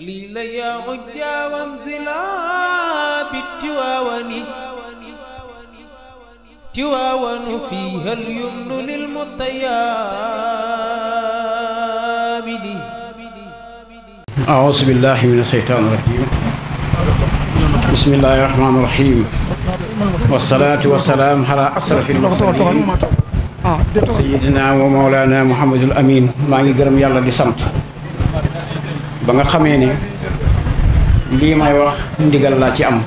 ليليا عجا وانزلا بالتواون تواون فيها اليمن للمطيابد أعوذ بالله من الشيطان الرجيم بسم الله الرحمن الرحيم والصلاة والسلام على أشرف المرسلين سيدنا ومولانا محمد الأمين ما ngi gërëm yàlla di ba nga xamé né li may wax ndigal la ci am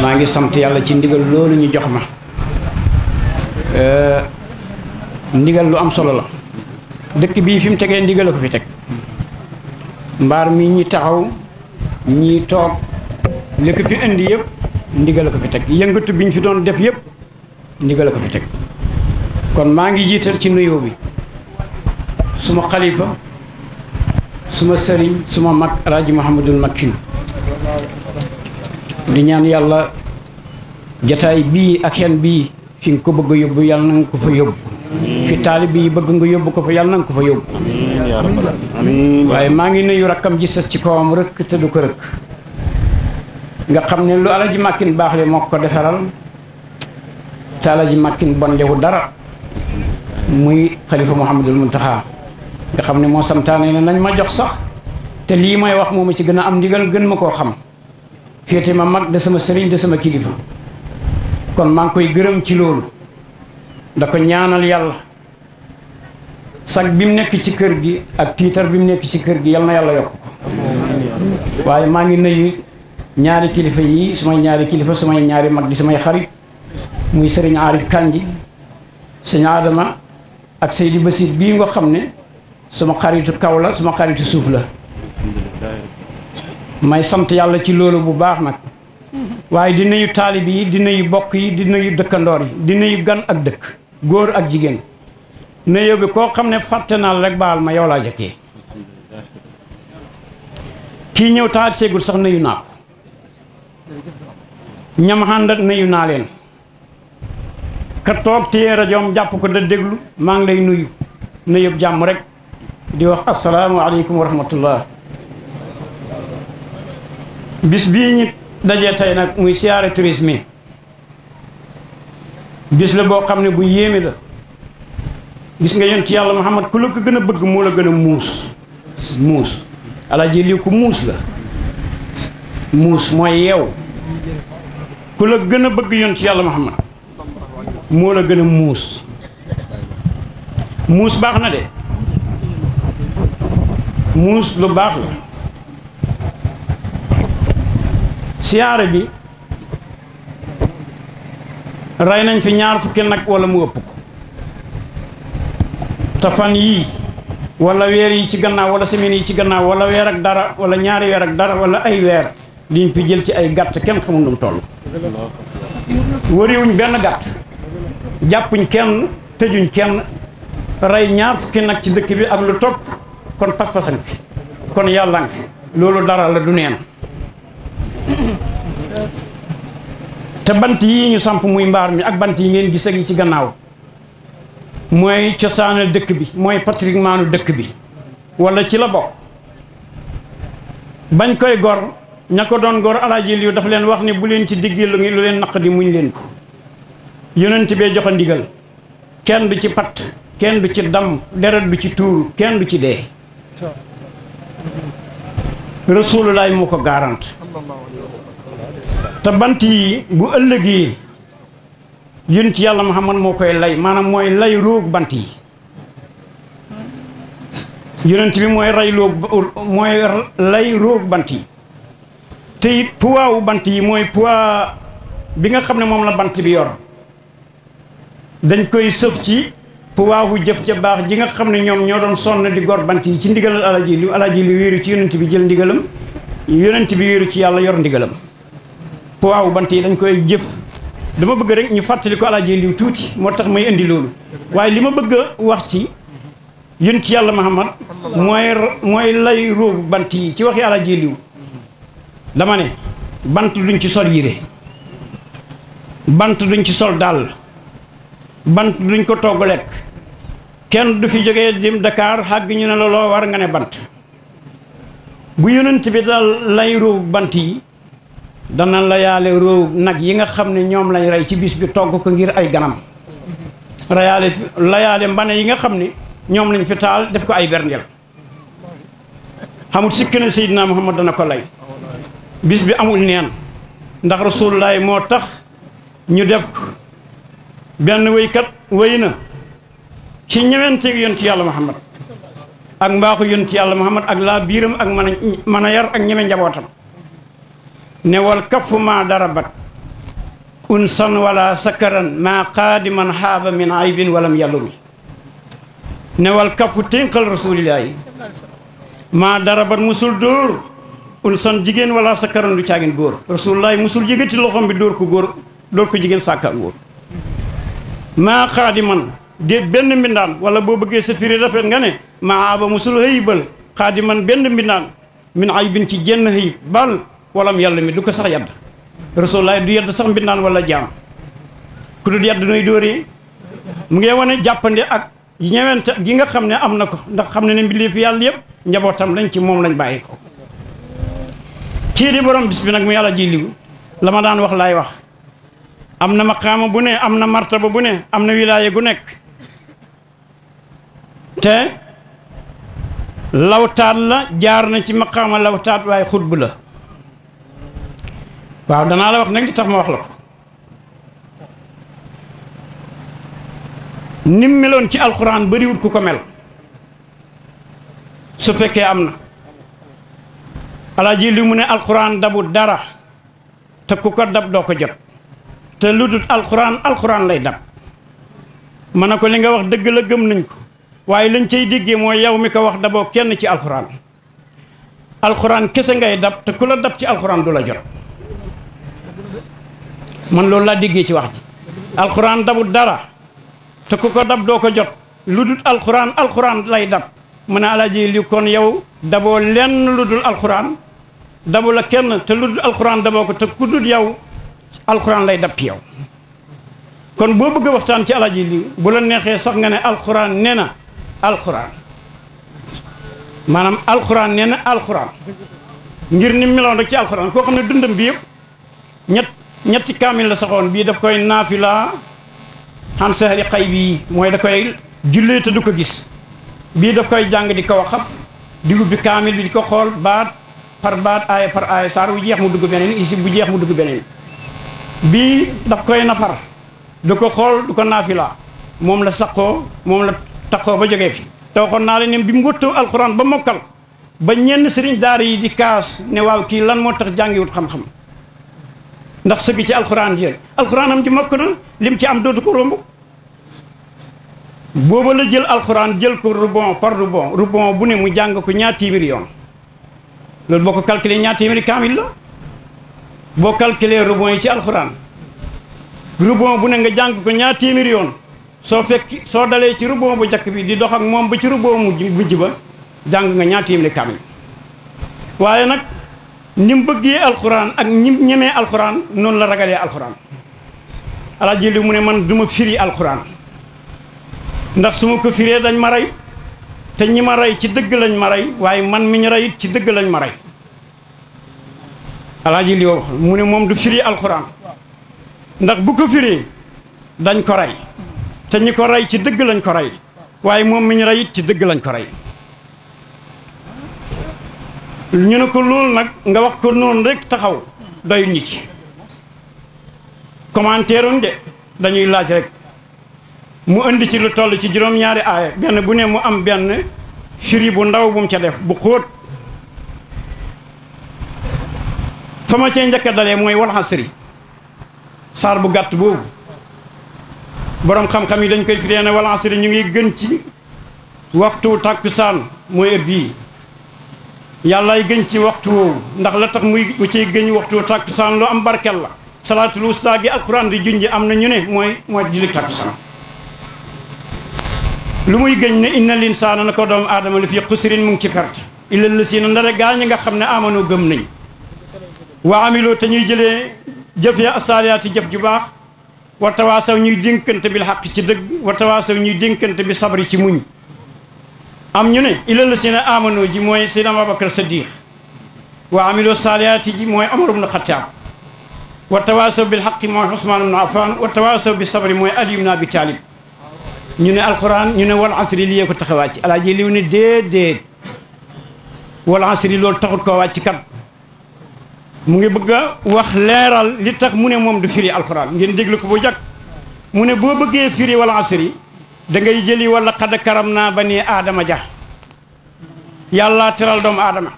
ma ngi sant yalla ci ndigal lolu ñu jox ma euh, ndigal lu am solo la dekk bi fim mu ndigal tau, ko fi teg mbar mi ñi taxaw ñi tok lekk fi indi yëpp ndigal ko fi teg yëngatu biñ fi doon def ndigal ko fi kon ma ngi jittal ci nuyo bi suma khalifa suma sëriñ suma mag alaaji Mouhamadul Makki di ñaan yàlla jataay bii ak xen bii fi nga ko bëgg a yóbbu yàlla na nga ko fa yóbbu fi bëgg nga yóbbu ko fa yàlla na ko fa yóbbu waaye maa ngi nuyu rakkam ji sës ci kawam rëkk te du ko rëkk nga xam ne lu alaaji Makkin baax le moo ko defaral te alaaji Makkin bon lewu dara muy xalifa Mouhamadul Muntaxa nga xam ne moo santaane ne nañ ma jox sax te lii may wax moom ci gën a am ndigal gën ma koo xam te ma mag de sama sëriñ de sama kilifa kon maa ngi koy gërëm ci loolu da ko ñaanal yàlla sag bi mu nekk ci kër gi ak tiitar bi mu nekk ci kër gi yal na yàlla yokk ko waaye maa ngi nuyu ñaari kilifa yi sumay ñaari kilifa sumay ñaari mag di samay xarit muy sëriñ Arif Kanji sëñ Adama ak Seydi Basir bii nga xam ne suma xaritu kaw la suma xaritu suuf la may sant yàlla ci loolu bu baax nag waaye di nuyu taalib yi di nuyu bokk yi di nuyu dëkkandoor yi di nuyu gan ak dëkk góor ak jigéen nuyoo bi koo xam ne fàtte naa la rek baal ma yow laa jëkkee kii ñëw taaj seegul sax nuyu naa ko ñam xàndat nuyu naa leen ka toog téye rajoom jàpp ko da déglu maa ngi lay nuyu nuyub jàmm rek di wax asalaamualeykum wa rahmatullah bis bii ñu dajee tey nag muy siyaare tourisme bis la boo xam ne bu yéeme la bis nga ci yàlla Muhammad ku la ko gën a bëgg moo la gën a muus muus alaaji lii ku muus la muus mooy yeew ku la gën a bëgg yonent yàlla Muhammad moo la gën a muus muus baax na de muus lu baax la siyaare bi rey nañ fi ñaar fukki nag wala mu ëpp ko yii wala weer yi ci gannaaw wala semaine yi ci gannaaw wala weer ak dara wala ñaari weer ak dara wala ay weer liñ fi jël ci ay gàtt kenn xamul nu mu toll wëriwuñ benn gàtt jàppuñ kenn tëjuñ kenn rey ñaar fukki nag ci dëkk bi ak lu topp kon pas-pasan fi kon yalla nga lolu dara la du neena te bant yi ñu samp muy mbar mi ak bant yi ngeen gis ak yi ci gannaaw mooy cosaanal dekk bi patrick manu dekk bi wala ci la bok bañ koy gor ñako gor alaajil yu daf leen wax ni bu leen ci diggel lu ngi lu leen naq di muñ leen ko yonent be joxandigal kenn du ci pat kenn du ci dam deret du ci tour kenn du ci dee rasulullaay mu ko garante te bant yi bu ëllëgee yun ci yàlla Muhammad moo koy lay maanaam mooy lay roog bant yi yonent bi mooy ray roog mooy lay roog bant yi te it bant yi mooy poids bi nga xam ne moom la bant bi yor dañ koy sëf ci pouwaaru jëf ca baax ji nga xam ne ñoom ñoo doon sonn di gor bant yi ci ndigalal alaji li alaji li wéeru ci yonent bi jël ndigalam yonent bi wéeru ci yàlla yor ndigalam pouwaaru bant yi dañ koy jëf dama bëgg rek ñu fàttali ko alaji liw tuuti moo tax may indi loolu waaye li ma bëgg wax ci yonent yàlla Muhammad mooy mooy lay róobu bant yi ci waxi alaji liw dama ne bant duñ ci sol yire bant duñ ci sol dàll bant duñ ko togg lekk kenn du fi joge dim Dakar hag ñu ne la lo war nga ne bant bu yonent bi dal lay ruub bant yi na la yaale ruub nak yi nga xamne ñom lañ ci bis bi togg ko ngir ay ganam la yaale mbane yi nga xamne ñom lañ fi taal def ko ay berndel xamul sikki na Seydina Muhammad dana ko lay bis bi amul neen ndax rasulullah mo tax ñu def ben way kat ci ñewenteeg yonent yàlla Muhammad ak mbaaxu yonent yàlla Muhammad ak laa biiram ak mën a mën a yar ak ñeme njabootam ne wal kafu maa bat unsan wala sakaran maa qaadiman xaaba min aybin walam yalumi ne wal kafu ténqal rasulillaahi maa darabat musul dóor unsan jigéen wala sakaran lu caagin góor rasulillaahi musul yëgati loxom bi dóor ko góor dóor jigéen sàkka góor maa qaadiman déet benn mbindam wala bo beugé sa firi rafet nga ma aba musul haybal qadiman benn mbindam min aybin ci jenn hay bal walam yalla mi du ko sax yadd rasulullaay du yadd sax mbindan wala jam ku du yadd noy dóoree mu ngi wane jàppande ak ñewent gi nga xamné amna ko ndax xamné ni mbilif yalla yeb njabotam lañ ci mom lañ bayé ko di borom bis nak mu yalla jilli la daan wax lay wax amna maqama bu ne amna martaba bu ne amna wilaya gu nek te lawtaat la jaar na ci maqaama lawtaat waaye xutb la waaw danaa la wax nag li tax ma wax la ko nim meloon ci alxuraan bariwut ku ko mel su fekkee am na alaaji li mu ne alxuraan dabu dara te ku ko dab doo ko jot te lu dul alxuraan alxuraan lay dab ma ne ko li nga wax dëgg la gëm nañ ko waaye lañ cay déggee mooy yow mi ko wax daboo kenn ci alxuraan alxuraan kese ngay dab te ku la dab ci alxuraan du la jot mën loolu laa diggee ci wax ji alxuraan dabut dara te ku ko dab doo ko jot lu dul alxuraan alxuraan lay dab mu ne alaaji li kon yow daboo lenn lu dul alxuraan dabu la kenn te lu dul alxuraan daboo ko te ku dul yow alxuraan lay dab ci yow kon boo bëgg a waxtaan ci alaaji li bu la neexee sax nga ne alxuraan nee na alxuraan maanaam alxuraan nee alxuraan ngir ni meloon rek ci alxuraan koo xam ne dundam bi yépp ñett ñetti kaamil la saxoon bii daf koy naafila xam sahari xay bii mooy da koy jullee te du ko gis bii daf koy jàng di ko waxam di ubbi kaamil bi di ko xool baat par baat aaya par aaya saar bu jeex mu dugg beneen isib bu jeex mu dugg beneen bii daf koy nafar du ko xool du ko naafila moom la saxoo moom la takko ba joge fi te waxoon naa leen bi mu wottu alquran ba mokal ba ñenn serigne dar yi di kaas ne waaw ki lan mo tax wut xam-xam ndax sebi ci alquran jël alquran am ci mokk na lim ci am dootu ko romb booba la jël alquran jël ko rubon par rubon rubon bu ne mu jang ko ñaar téeméeri yoon loolu boo ko ñaar la bo calculer rubon ci alquran rubon bu ne nga jang ko ñaar so fekki so dalé ci rubo bu jakk bi di dox ak mom ba ci rubo mu mujj ba jang nga ñaati yim ne kamil waye nak ni bëggé alquran ak ñi ñëmé alquran non la ragalé alquran ala jëlu mu ne man duma firi alquran ndax suma ko firé dañ ma ray té ñima ray ci dëgg lañ ma ray waye man mi ñu ci dëgg lañ ma ray ala jëlu mu ne mom du firi dan ndax bu ko dañ ko ray te ñi ko rey ci dëgg lañ ko rey waaye moom mi ñu rey ci dëgg lañ ko rey ñu ne ko loolu nag nga wax ko noonu rek taxaw doy ñi ci commentaire de dañuy laaj rek mu indi ci lu toll ci juróom-ñaari aaya benn bu ne mu am benn firi bu ndaw bum ca def bu xóot fa ma cee njëkk a mooy wal asri saar bu gàtt boobu borom xam-xam yi dañ koy firee ne wal ñu ngi gën ci waxtu tàkkusaan mooy ëpp yi yàllaay gën ci waxtu woowu ndax la tax muy mu ciy gëñ waxtu tàkkusaan lu am barkel la salaatul wusta gi alquran di ji am na ñu mooy mooy julli tàkkusaan lu muy gën ne inna linsaana na ko doomu aadama li fi xusirin mu ngi ci perte illa lasiina ndare gaa ñi nga xam ne amano gëm nañ wa amiloo te ñuy jëlee jëf ya asaaliyaati jëf ju baax وتواصل ني دينكنت بي الحق تي دغ وتواصل ني دينكنت بي صبر تي موني ام ني ني الى لسنا امنو جي موي سيدنا ابو بكر الصديق وعملوا الصالحات جي موي عمر بن الخطاب وتواصل بالحق مع عثمان بن عفان وتواصل بالصبر مع علي بن ابي طالب ني ني القران ني ني والعصر لي كو تخواتي على جي ليوني دي دي والعصر لول تخوت كو واتي كات mu ngi bëgg a wax leeral li tax mu ne moom du firi alxuraan ngeen déglu ko boo jàkk mu ne boo bëggee firi wala asri da ngay jëli walla xad karam naa ba ni aadama ja yàlla teral doomu aadama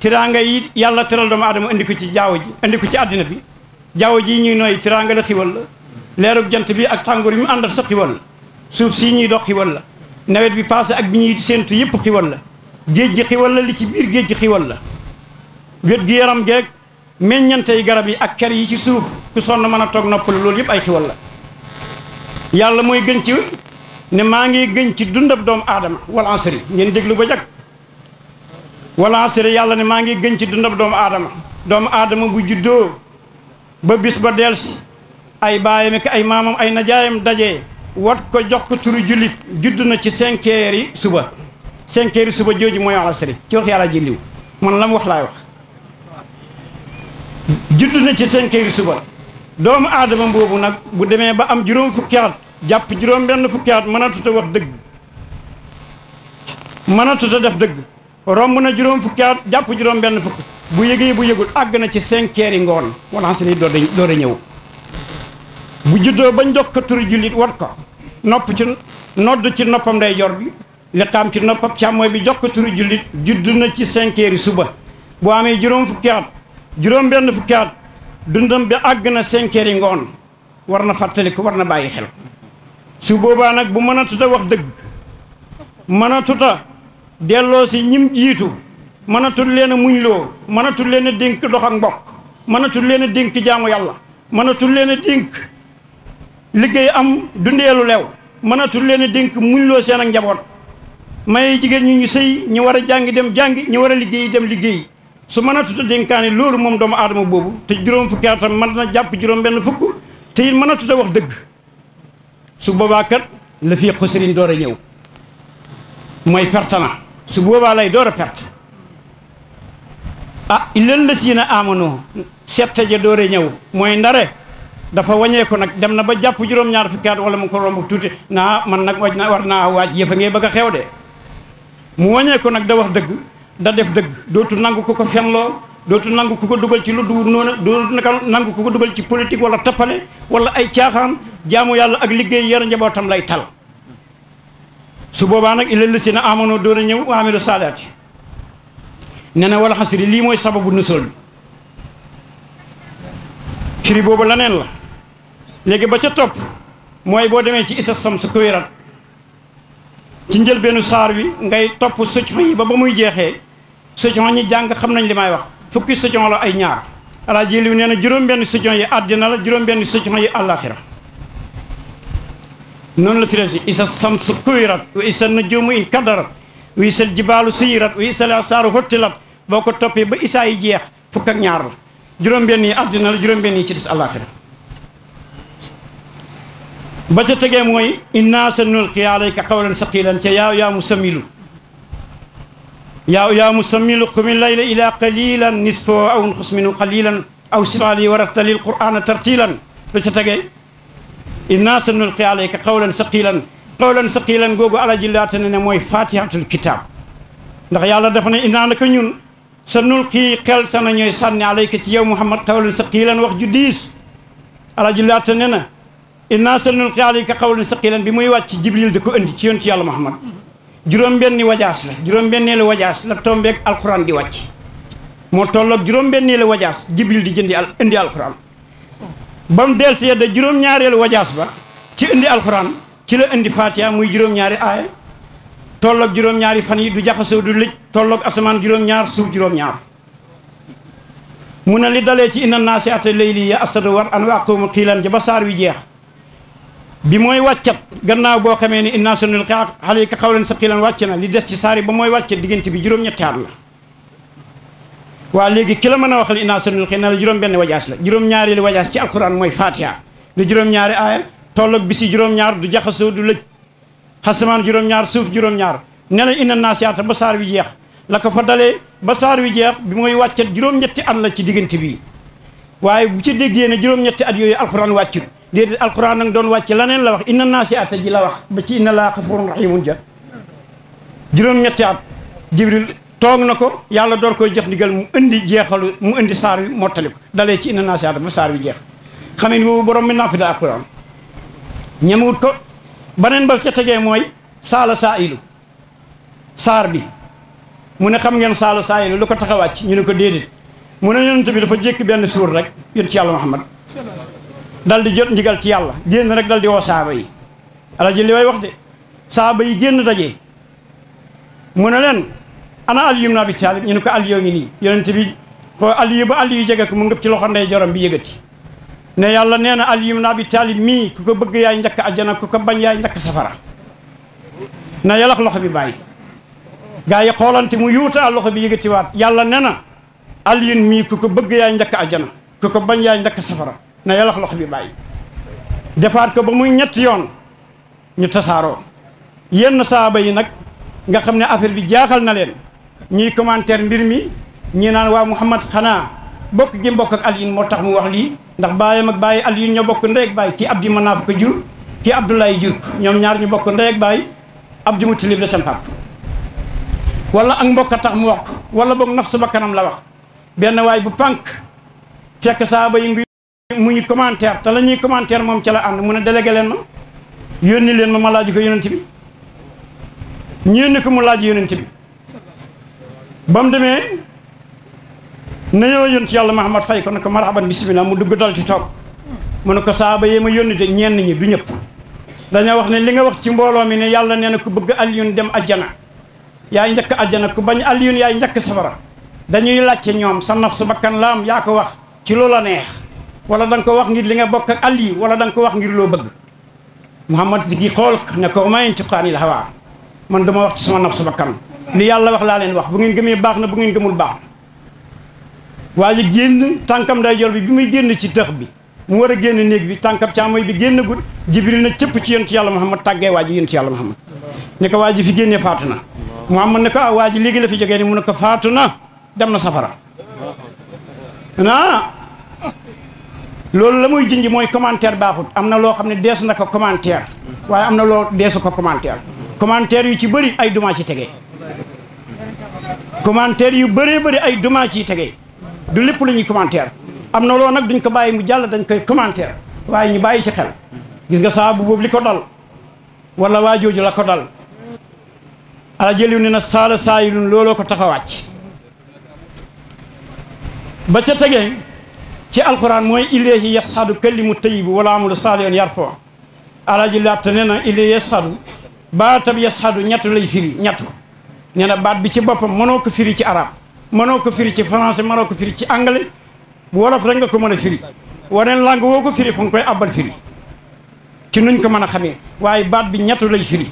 tiraanga yi yàlla teral doomu aadama indi ci jaaw ji indi ci àddina bi jaaw ji ñuy nooy tiraanga la xiwal la leerug jant bi ak tàngoor yi mu àndal sa xiwal la suuf si ñuy dox xiwal la nawet bi passé ak bi ñuy séentu yëpp xiwal la géej la li ci géej gi xiwal la wét meññantey garab yi ak ker yi ci suuf ku sonn mën a toog noppalu loolu yëpp ay xiwal la yàlla mooy gën ci ne maa ngi gën ci dundab doomu aadama wal ansari ngeen déglu ba jag wal ansari yàlla ne maa ngi gën ci dundab doomu aadama doomu aadama bu juddoo ba bis ba delsi ay baayam ak ay maamam ay najaayam daje wat ko jox ko turu jullit judd na ci cinq yi suba cinq suba jooju mooy ansari ci wax yàlla jëlliw man la wax laay wax judd na ci cinquième suba doomu aadama boobu nag bu demee ba am juróom fukki jàpp juróom benn fukki at mënatuta wax dëgg mënatuta def dëgg romb na juróom fukki jàpp juróom benn fukk bu yëgee bu yëgul àgg na ci cinquième yi ngoon wala si ni door a ñëw bu juddoo ba jox ko turu jullit wat ko nopp ci nodd ci noppam nday jor bi liqaam ci noppam càmmooy bi jox ko turu jullit judd na ci cinquième yi suba bu amee juróom fukki juróom-benn fukki at dundam bi àgg na senkeeri ngoon war na fàttaliku war na bàyyi xel su boobaa nag bu mën wax dëgg mën a delloo si ñim jiitu mën a leen a muñloo mën a tut leen dénk dox ak mbokk mën a tut leen a dénk jaamu yàlla mën a tut leen a dénk liggéey am dundeelu leew mën a tut leen a dénk muñloo seen ak njaboot may jigéen ñi ñu sëy ñu war a jàngi dem jàngi ñu war a liggéey dem liggéey su mën a dénkaane loolu moom doomu aadama boobu te juróom fukki mën na jàpp juróom benn fukk te it mën a tuta wax dëgg su boobaa kat la fii xusrin door a ñëw mooy perte su boobaa lay door a perte ah leen la siina amono sette ja door a ñëw mooy ndare dafa wañeeku nag dem na ba jàpp juróom-ñaar fukki at wala mu ko romb tuuti naa man nag waj na war naa waaj yëfa ngay bëgg a xew de mu wañeeku nag da wax dëgg da def dëgg dootu nangu ku ko fenloo dootu nangu ku ko dugal ci lu du noonu dootu naka nangu ku ko dugal ci politique wala tappale wala ay caaxaan jaamu yàlla ak liggéey yar njabootam lay tal su boobaa nag illal na amono doon a ñëw waamilu saalaati nee na wala xasri lii mooy sababu nusool bi boobu laneen la léegi ba ca topp mooy boo demee ci isa sam su kuwirat ci njëlbeenu saar wi ngay topp succ yi ba ba muy jeexee sëjon ñi jàng xam nañ li may wax fukki sëjon la ay ñaar alaa ji li nee juróom-benn sëjon yi àddina la juróom-benn sëjon yi àllaaxira noonu la firee si isa samsu kuwirat wa isa najumu in kadarat wa isa jibaalu suyirat wa isa asaaru hottilat boo ko toppee ba isaa yi jeex fukk ak ñaar la juróom-benn yi àddina la juróom-benn yi ci des àllaaxira ba ca tegee mooy innaa sa nulqi alayka qawlan saqilan ca yaaw yaa mu samilu yaa yaa musammi luqmi layla ila qalilan nisfahu aw nqus minhu qalilan aw sil alayhi wa rattali alqur'ana tartilan ba ca tegee innaa sanulqi alayka qawlan saqilan qawlan saqilan googu alaji laata ne ne mooy fatihatul kitab ndax yàlla dafa ne innaa naka ñun sanulqi sa sana ñooy sànni alayka ci yow muhammad qawlan saqilan wax ju diis alaji laata ne na innaa sanulqi alayka qawlan saqilan bi muy wàcc jibril da ko andi ci yoon ci yàlla muhammad juróom benni wadjas la juróom bennel wadjas la ak alquran di wacc mo tolok juróom bennel wadjas jibril di jindi al indi alquran bam del si yedd juróom ñaarel wadjas ba ci indi alquran ci la indi fatia muy juróom-ñaari aya tolok juróom-ñaari fan yi du jaxaso du lecc tolok asman juróom-ñaar su juróom-ñaar mu li ci inna naasiata layli ya asada war an waa qilan jabasar wi jeex bi mooy wàccat gannaaw boo xamee ni inna sunul xaq alayka xawlan saqilan wàcc na li des ci saari ba mooy wàccat diggante bi juróom-ñetti at la waa léegi ki la mën a wax li inna sunul xaq na la juróom-benn wajaas la juróom-ñaari li wajaas ci alquran mooy fatiha li juróom ñaar aaya tolloog bisi juróom-ñaar du jaxasoo du lëj xasamaan juróom-ñaar suuf juróom-ñaar ne la inna naasiata ba saar wi jeex la ko fa ba saar wi jeex bi mooy wàccat juróom-ñetti at la ci diggante bi waaye bu ci déggee ne juróom-ñetti at yooyu alquran wàccut déedéet alquran nag doon wàcc laneen la wax inna naasiata ji la wax ba ci inna laa xafurun rahimun ja juróom-ñetti at jibril toog na ko yàlla door koy jox ndigal mu indi jeexalu mu indi saar wi mottali ko dalee ci inna naasiata ba saar wi jeex xamee ni boobu borom mi naa fi da alquran ko beneen ba ca tegee mooy saala saa ilu saar bi mu ne xam ngeen saala saa ilu lu ko taxawaat ci ñu ne ko déedéet mu ne yonent bi dafa jékki benn suur rek yonent dal di jot ndigal ci yalla genn rek dal di wo saaba yi ala jeli way wax de saaba yi genn dajé muna len ana al yumna bi talib ñu ko al ngi ni yonent bi ko aliyu yuba aliyu jege ko mu ngëp ci loxo ndey joram bi yëgati ne yalla neena al yumna bi talib mi ku ko bëgg yaay ñak aljana ku ko bañ yaay ñak safara na yalla loxo bi bay gaay xolanti mu yuutaa loxo bi yëgati waat yalla neena al yin mi ku ko bëgg yaay ñak aljana ku ko bañ yaay ñak safara na yalax lox bi baye defaat ko ba muy ñett yoon ñu tassaro yenn saaba yi nak nga xamne affaire bi jaaxal na len ñi commentaire mbir mi ñi naan wa Muhammad khana Bok gi mbokk ak Alioune moo tax mu wax li ndax baye mak baye Alioune ñoo bokk ndey ak baye ci Abdi manaf ko jur ci Abdoulaye jur ñom ñaar ñu bokk ndey ak baye Abdi Mutalib da sen pap wala ak mbokk tax mu wax wala bok nafsu bakanam la wax ben way bu pank fekk sahaba yi mu ñu commentaire la ñuy commentaire moom ca la ànd mu ne délégué leen ma ma laaj ko yonent bi ñu yónni mu laaj yonent bi ba mu demee na yoo yónni yàlla Mahamad fay ko ne ko marhaban bisimilah mu dugg dal ci toog mu ne ko saaba yee ma yónni de ñenn ñi du ñëpp dañoo wax ne li nga wax ci mbooloo mi ne yàlla nee na ku bëgg aliyun dem ajjana yaay njëkk ajjana ku bañ aliyun yaay njëkk safara dañuy laajte ñoom sa naf su bakkan laam yaa ko wax ci loola neex wala da ko wax ngir li nga bokk ak àll yi wala da ko wax ngir loo bëgg Muhammad gi xool ne ko mayen ci xaanil hawaa man dama wax ci sama naf sama kan li yàlla wax laa leen wax bu ngeen gëmee baax na bu ngeen gëmul baax na ji génn tànkam day jol bi bi muy génn ci tëx bi mu war a génn néeg bi tànkam caamoy bi génn gul jibril na cëpp ci yonent yàlla Muhammad tàggee waa ji yonent yàlla Muhammad ne ko waa ji fi génnee faatu na Muhammad ne ko ah waa ji léegi la fi jógee ni mu ne faatu na dem na safara loolu la muy jinj mooy commentaire baaxut am na loo xam ne dees na ko commentaire waaye am na loo deesu ko commentaire commentaire yu ci bëri ay dumaa ci tege commentaire yu bëree bëri ay dumaa ciy tege du lépp la ñuy commentaire am na loo nag duñ ko bàyyi mu jàll dañ koy commentaire waaye ñu bàyyi ci xel gis nga saabu boobu li ko dal wala waa jooju la ko dal ala jëliw ne na saala saayilun looloo ko tax a ba ca tegee ci alquran mooy ilayhi yasadu kallimu wa wala amul salihan yarfu ala laata nena ilahi ilayhi ba tab yasxadu ñett lay firi ñett nena nee baat bi ci bopam mënoo ko firi ci arab monoko ko firi ci français mënoo ko firi ci anglais wolof rek nga ko mën firi wonen lang wo ko firi fa koy abal firi ci nuñ ko mën xamé waye baat bi ñett lay firi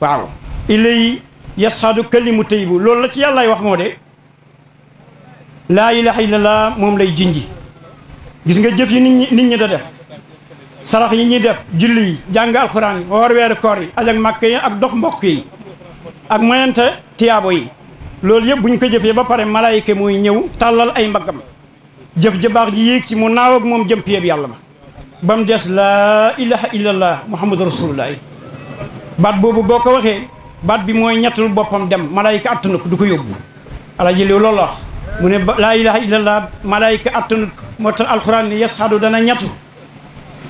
waaw ilahi yasxadu kallimu tayyib loolu la ci yalla wax mo de لا إله إلا الله مملي جنجي gis nga jëf yi nit ñi nit ñi da def sarax yi ñi def julli yi jàng alxuraan yi woor koor yi ak màkk yi ak dox mbokk yi ak mayante tiyabo yi loolu yëpp buñ ko jëfee ba pare malaayika mooy ñëw tàllal ay mbaggam jëf ji baax ji yéeg ci mu naaw ak moom jëm piyeb yàlla ma ba mu des laa ilaha illallah muhammadu rasulullah baat boobu boo ko waxee baat bi mooy ñettul boppam dem malaayika attuna ko du ko yóbbu ala ji loolu wax mu ne laa ilaha illallah malaayka attanut moo tax alxuraan ne yasxadu dana ñatu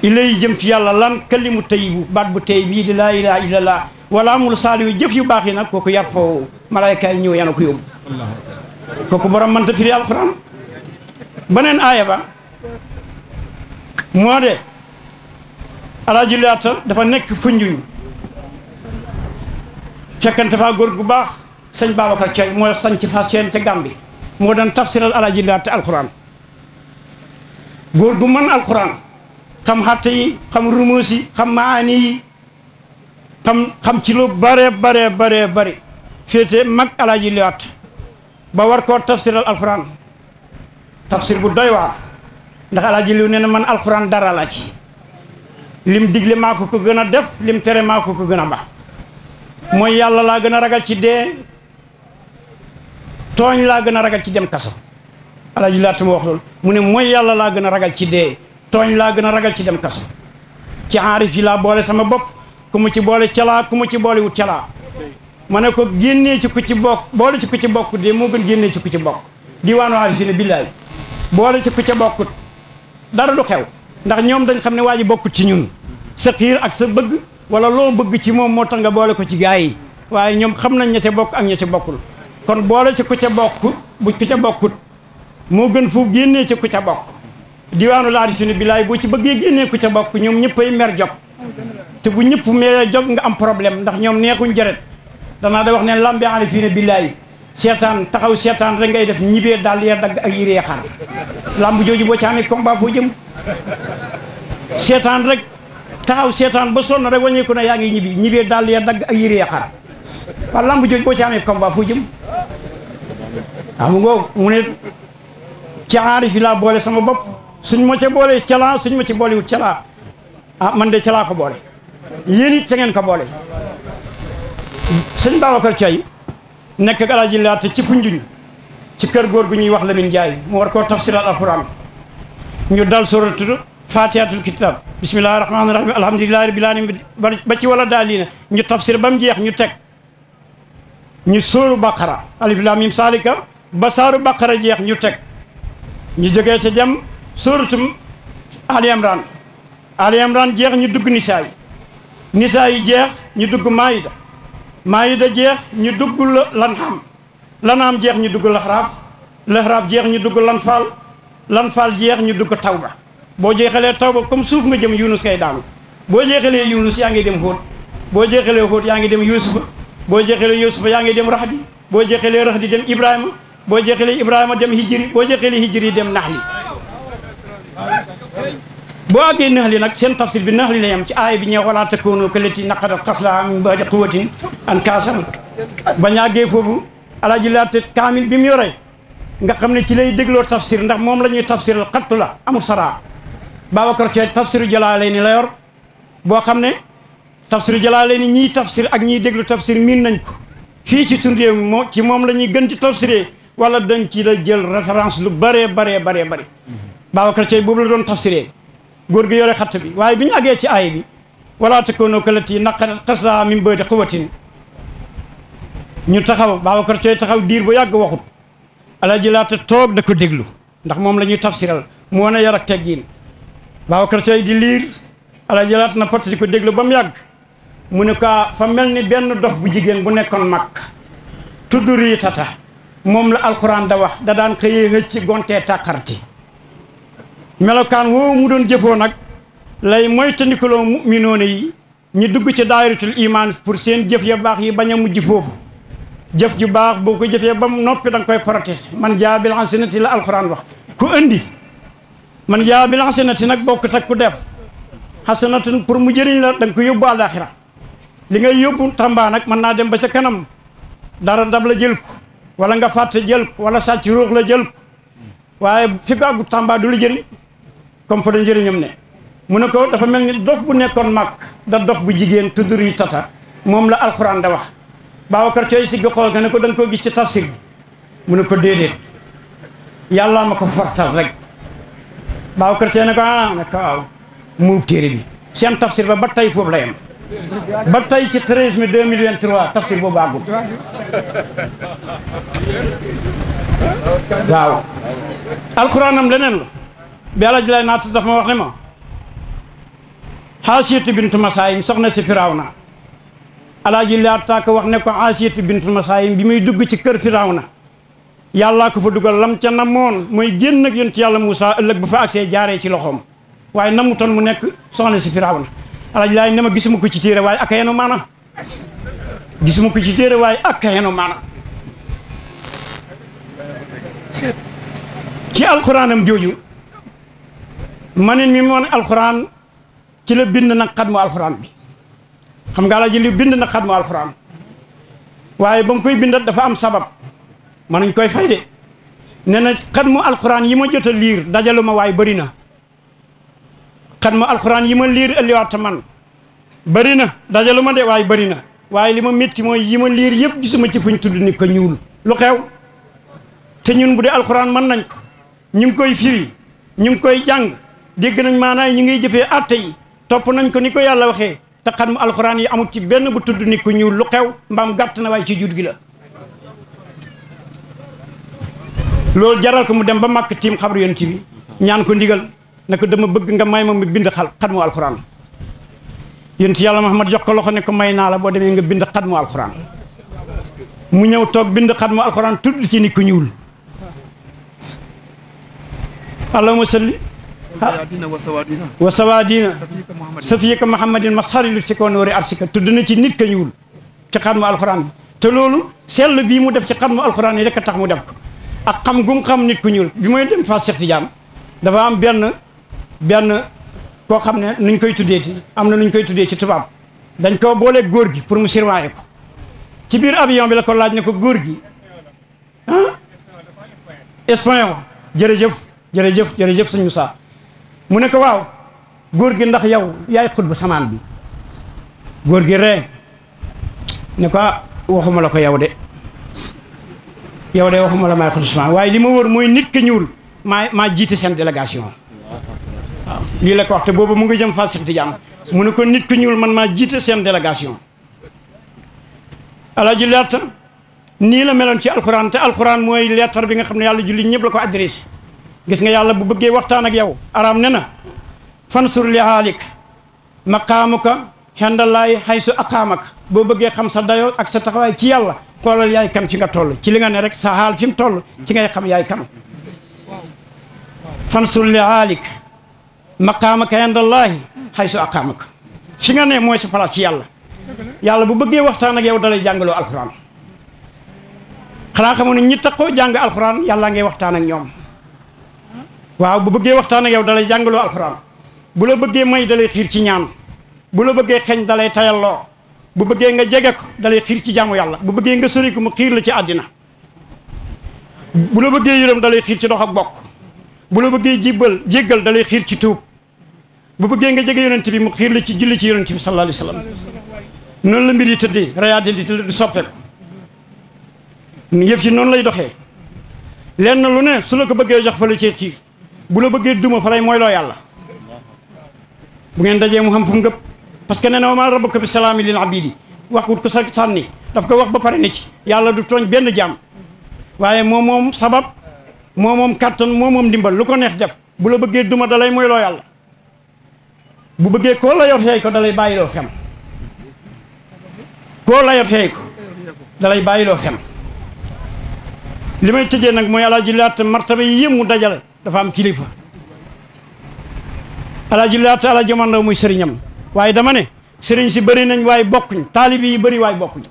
ilay jëm ci yàlla lan kalimu tayibu baat bu tey bii di laa ilaha illallah wala amul saalihu jëf yu baax yi nag kooku yar foo malaayka yi ñëw yana ko yóbbu kooku borom mënta firi alxuraan beneen aaya ba moo de alaaji laata dafa nekk funjuñ fekkante faa góor gu baax sëñ Babacar Coy mooy sañ ci faa seen ca Gàmbi moo daan tafsiral alaaji laate alxuraan góor gu mën alxuraan xam xatte yi xam rumuus yi xam maani yi xam xam ci lu bare bare bare bari féete mag alaaji laat ba war koo tafsiral alxuraan tafsir bu doy waar ndax alaaji liw nee na man alxuraan dara la ci lim digle maa ko ko gën a def lim tere maa ko ko gën a ba mooy yàlla laa gën a ragal ci dee tooñ laa gën a ragal ci dem kaso alaaji laata ma wax mu ne mooy yàlla laa gën a ragal ci dee tooñ laa gën a ragal ci dem kaso ci aarif laa boole sama bopp ku ci boole calaa ku mu ci boole calaa ma ne ko génnee ci ku ci bokk boole ci ku ci bokk de moo gën génnee ci ku ci bokk diwaanu aarif yi ne billaay boole ci ku ca bokkut dara du xew ndax ñoom dañ xam ne waa ji bokkut ci ñun sa xiir ak sa bëgg wala loo bëgg ci moom moo tax nga boole ko ci gaa yi waaye ñoom xam nañ ña ca bokk ak ña ca bokkul kon boole ci ku ca bokk bu ku ca bokkut moo gën foo génnee ci ku bokk diwaanu laari sunu bilaay boo ci bëggee génnee ku ca bokk ñoom ñëppay mer jog te bu ñëpp meree jog nga am problème ndax ñoom neexuñ jërët danaa de wax ne lambe ali fii ne bilaay seetaan taxaw seetaan rek ngay def ñibee daal yee dagg ak yiree xar lamb jooju boo ci amee combat foo jëm seetaan rek taxaw seetaan ba sonn rek wañeeku na yaa ngi ñibi ñibee daal yee dagg ak yiree waaw lamb jooj boo ci amee combat foo jëm waaw mu ngoo mu ne caari fi boole sama bopp suñ ma ca boole calaa suñ ma ci boolewut calaa a ah, man de calaa ko boole yéen it ca ngeen ko boole sëñ Babacar Thiaye nekk ak alaaji laata ci Foundiougne ci kër góor gu ñuy wax Lamine Ndiaye mu war koo tafsiral alquran ñu dal suratul fatihatul kitab bismillahi rahmaani rahim alhamdulillahi rabbil alamin ba ci wala daal lii na ñu tafsir ba mu jeex ñu teg ñu sóoru baqara alif laam mim saalika ba saaru baqara jeex ñu teg ñu jógee ca jam sóorutum ali imran jeex ñu dugg nisaa yi yi jeex ñu dugg maayida maayida jeex ñu dugg lanham lanham jeex ñu dugg laxraaf laxraaf jeex ñu dugg lanfaal lanfaal jeex ñu dugg tawba boo jeexalee tawba comme suuf nga jëm yunus kay daanu boo jeexalee yunus yaa ngi dem xóot boo jeexalee xóot yaa ngi dem yusufa boo jeexalee Yuusufa yaa ngi dem Rahdi boo jeexalee Rahdi dem Ibrahima boo jeexalee Ibrahima dem Hijri boo jeexalee Hijri dem Nahli boo àggee Nahli nag seen tafsir bi Nahli la yam ci aay bi ñee walaa takuunu kallati naqadat xaslahaa min ba'di quwwatin ankaasan ba ñu àggee foofu alaaji laate kaamil bi mu yoree nga xam ne ci lay dégloo tafsir ndax moom la ñuy tafsiral xattu la amul saraa Babacar Thiel tafsiru Jalaalayni la yor boo xam ne tafsir Jalaalayni ñiy tafsir ak ñii déglu tafsir miin nañ ko fii ci suñu réew mi moo ci moom la ñuy gën di tafsiree wala dañ ci la jël référence lu bëree baree baree baaw Babacar Thiaw boobu la doon tafsiree góor gi yore xatt bi waaye bi ñu àggee ci aay bi wala takoonoo kalati naqarat xasa min badi quwatin ñu taxaw Babacar Thiaw taxaw diir bu yàgg waxut Alaaji Laata toog da ko déglu ndax moom la ñuy tafsiral mu wane yar ak teggiin Babacar Thiaw di liir Alaaji na porte di ko déglu ba mu yàgg Munika ko fa melni ni benn dof bu jigen bu nekkon mak tuduri tata mom la alquran da wax da dan xeye hecc gonté takarti melokan wo mu don jëfoo nak lay moytandikuloo mu'minone yi ñi dugg ci dairatul iman pour seen jëf ya bax yi baña mujj fofu jëf ju bax boko ko jëfee ba mu noppi koy protest man jabil la alquran wax ku indi man jabil hasanati nag tak ku def hasanatun pour mu jëriñ la dang ko li ngay yobbu Tamba nak man na dem ba ca kanam dara dab la jël ko wala nga fàtte jël ko wala sàcc ruux la jël ko waye fi bàggu Tamba du li jëriñ comme fa da njëriñam ne mu ne ko dafa melni ni dof bu nekkon mak da dof bu jigen tuddur yi tata mom la alcorane da wax Babacar Coy si xool nga ne ko dang ko gis ci tafsir mu ne ko déedéet yalla mako fortal rek Babacar Coy ne ko ah ne ko ah, mu muub bi sen tafsir ba ba tay foofu la yam ba tey ci treize mai deux mille vingt trois tafsir boobu àggul waaw alxuraanam leneen la bi àla ji lay naatu daf ma wax ne ma xaasiyatu bintu masaayim soxna si firawna alaaji laa tàkk wax ne ko xaasiyatu bintu masaayim bi muy dugg ci kër firawna yàllaa ko fa dugal lam ca namoon mooy génn ak ci yàlla Moussa ëllëg bu fa agsee jaaree ci loxoom waaye namutoon mu nekk soxna si na alaaj laay ne ma gisuma ko ci téere waaye ak yenu maana gisuma ko ci téere waaye ak yenu maana ci alxuraanam jooju manin mi moon alxuraan ci la bind nag xatmu alxuraan bi xam nga alaaji li bind nag xatmu alxuraan waaye ba mu koy bindat dafa am sabab mënuñ koy fay de nee na xatmu alxuraan yi ma jot a liir dajalu ma waaye bari na kan ma alxuraan yi Lir liir ëlliwaat man bari na dajaluma de way bari na way lima metti moy yima lire yeb gisuma ci fuñ tudd ni ko ñuul lu xew te ñun bu de alquran man nañ ko ñing koy firi ñing koy jang deg nañ maanaay ñi ngi jëfé atay top nañ ko ni ko yàlla waxee te xam mu alxuraan yi amul ci benn bu ni ko ñuul lu xew mbam gatt na way ci gi la lol jaral ko mu dem ba mak tim xabru bi ñaan ko ndigal ne dama bëgg nga may ma mu bind xal xatmu alquran yent yalla Muhammad jox ko loxo ne ko may na la bo demé nga bind xatmu alquran mu ñew tok bind xatmu alquran tudd ci ni ku ñuul allahumma salli wa sawadina safiyaka muhammadin masxari lu ko nori arsika tudd na ci nit ka ñuul ci xatmu alxuraan bi te lolu sel bi mu def ci xatmu alxuraan rek tax mu def ak xam gum xam nit ku ñuul bi moy dem fa cheikh tidiane dafa am benn benn koo xam ne nuñ koy tuddee ti am na nuñ koy tuddee ci tubaab dañ koo booleeg góor gi pour mu surveiller ko ci biir avion bi la ko laaj ne ko góor gi ah espagnol jërëjëf jërëjëf jërëjëf sëñ saa mu ne ko waaw góor gi ndax yow yaay xutba samaan bi góor gi ree ne ko ah, waxuma la ko yow de yow de waxuma la maay xutba samaan waaye li ma wóor mooy nit ki ñuul maa maa jiite seen délégation li la ko wax te boobu mu ngi jëm Fass Cheikh Tidiane mu ne ko nit ku ñuul man ma jité sen délégation ji lettre ni la melon ci alcorane te alcorane moy lettre bi nga xamne yalla julli ñepp la ko adressé gis nga yalla bu bëgge waxtaan ak yow aram ne na fansur li haalik maqaamuka xendalaay xaysu aqamak bo bëgge xam sa dayo ak sa taxaway ci yàlla xoolal yaay kam ci nga toll ci li nga ne rek sa hal fim toll ci ngay xam yaay kam fansur li halik maqaamaka indallahi haysu aqaamaka fi nga ne mooy sa place yalla yalla bu beugé waxtaan ak yow dalay jangalo alquran xanaa xamone ñi takko jang alquran yalla ngay waxtaan ak ñom waaw bu beugé waxtaan ak yow dalay jangalo alquran bu la beugé may dalay xir ci ñaan bu la beugé xagn dalay tayallo bu beugé nga jégé ko dalay xir ci jamu yalla bu beugé nga sori ko mu xir la ci adina bu la beugé dalay xir ci dox ak bok bu la beugé jibal jéggal dalay xir ci tuub bu bëggé nga jëgë yonent bi mu xir la ci julli ci yonent bi sallallahu alayhi wasallam non la mbir yi tëddee rayaat yi di ñu yëf ci non lay doxé lén lu né su la ko bëggé jox fa la ci ci bu la bëggé duma fa lay moy lo yalla bu ngeen dajé mu xam fu ngëp parce que nee na rabbuka bi salaami lil abidi wax ko sax sanni daf ko wax ba paré ni ci yalla du togn benn jam waaye mom mom sabab mom mom carton mom mom dimbal lu ko neex def bu la bëggé duma dalay moy lo yalla bu ko la layoon xeey ko dalay bàyyiloo ko la layoon xeey ko dalay bàyyiloo fen li may tëjee nag mooy alaaji laat martaba yi yëpp mu dafa am kilifa alaaji laat alaaji mandaw muy serignam waye dama né serign ci bëri nañ waye bokkuñ taalibi yi bëri waye bokkuñ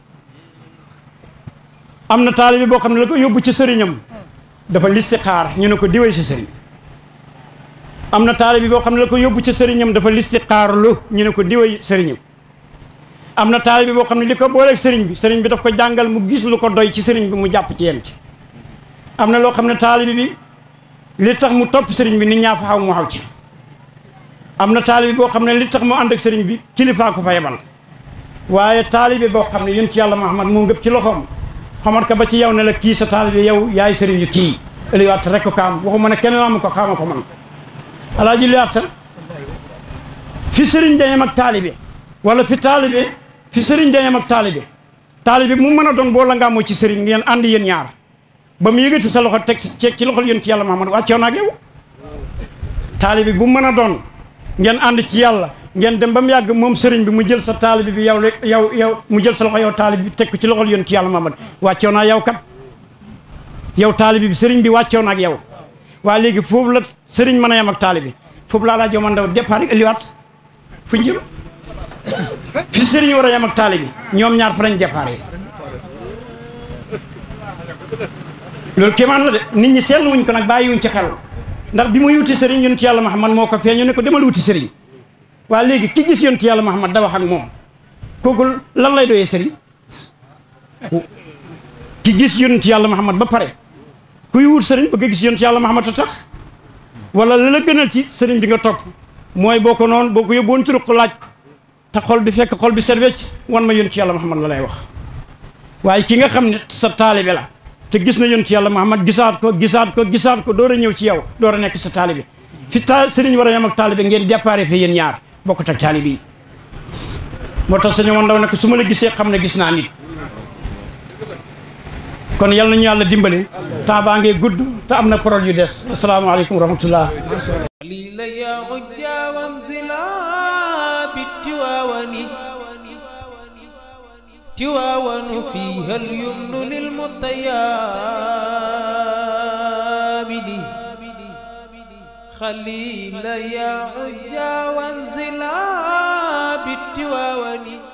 amna na bo boo ci serignam dafa ñu ne ko ci serign am na taalibe boo xam ne la ko yóbbu ci sëriñam dafa listixaarlu ñu ne ko diway sëriñam am na taalibe boo xam ne li ko booleeg sëriñ bi sëriñ bi daf ko jàngal mu gis lu ko doy ci sëriñ bi mu jàpp ci yem ci am na loo xam ne taalibe bi li tax mu topp sëriñ bi nit ñaa fa xaw ci am na taalibe boo xam ne li tax mu ànd sëriñ bi kilifaa ko fa yebal waaye taalibe boo xam ne yéen ci yàlla Muhammad moo ngëpp ci loxoom xamat ko ba ci yow ne la kii sa taalibe yow yaay sëriñu kii ëliwaat rek ko kaam ne kenn laa ma alaaji li artal fi sëriñ dañam ak taalibe wala fi taalibe fi sëriñ dañam ak taalibe taalibe mu mën a doon boo la ngaa moo ci sëriñ ngeen ànd yéen ñaar ba mu yëgati sa loxo teg ceeg ci loxo yéen ci yàlla Mahamadu wàccoo naa ak yow taalibe bu mën a doon ngeen ànd ci yàlla ngeen dem ba mu yàgg moom sëriñ bi mu jël sa taalibe bi yow yow yow mu jël sa loxo yow taalibe bi teg ci loxo yéen ci yàlla Mahamadu wàccoo naa yow kat yow taalibe bi sëriñ bi wàccoo naa ak yow waa léegi foofu la sëriñ mën a yem ak taalibi foofu laa laa joo man daw départ rek ëlliwaat fu njëm fi sëriñ war a yem taalibi ñoom ñaar fa lañ départ loolu kéemaan la de nit ñi seetlu wuñ ko nag bàyyi wuñ ci xel ndax bi muy wuti sëriñ yonent yàlla Muhammad moo ko feeñu ne ko demal wuti sëriñ waaye léegi ki gis yonent yàlla Muhammad da wax ak moom kooku lan lay doyee sëriñ ki gis yonent yàlla Muhammad ba pare kuy wut sëriñ bëgg a gis yonent yàlla Muhammad a tax wala la la gënal ci sëriñ bi nga topp mooy boo ko noon boo ko yóbboon ci ruq laaj ko te xol bi fekk xol bi set wecc wan ma yonent yàlla Muhammad la lay wax waaye ki nga xam ne sa taalibe la te gis na yonent yàlla Muhammad gisaat ko gisaat ko gisaat ko door ñëw ci yow door nekk sa taalibe fi ta sëriñ war a yem ak taalibe ngeen déparé fi yéen ñaar ko ak taalibe yi moo tax sañu woon ndaw nag su ma la gisee xam ne gis naa nit kon yalla nañu yalla dimbalé ta ba ngay gudd ta amna na yu dess assalamu alaykum warahmatullah lila ya ujjawan zila wani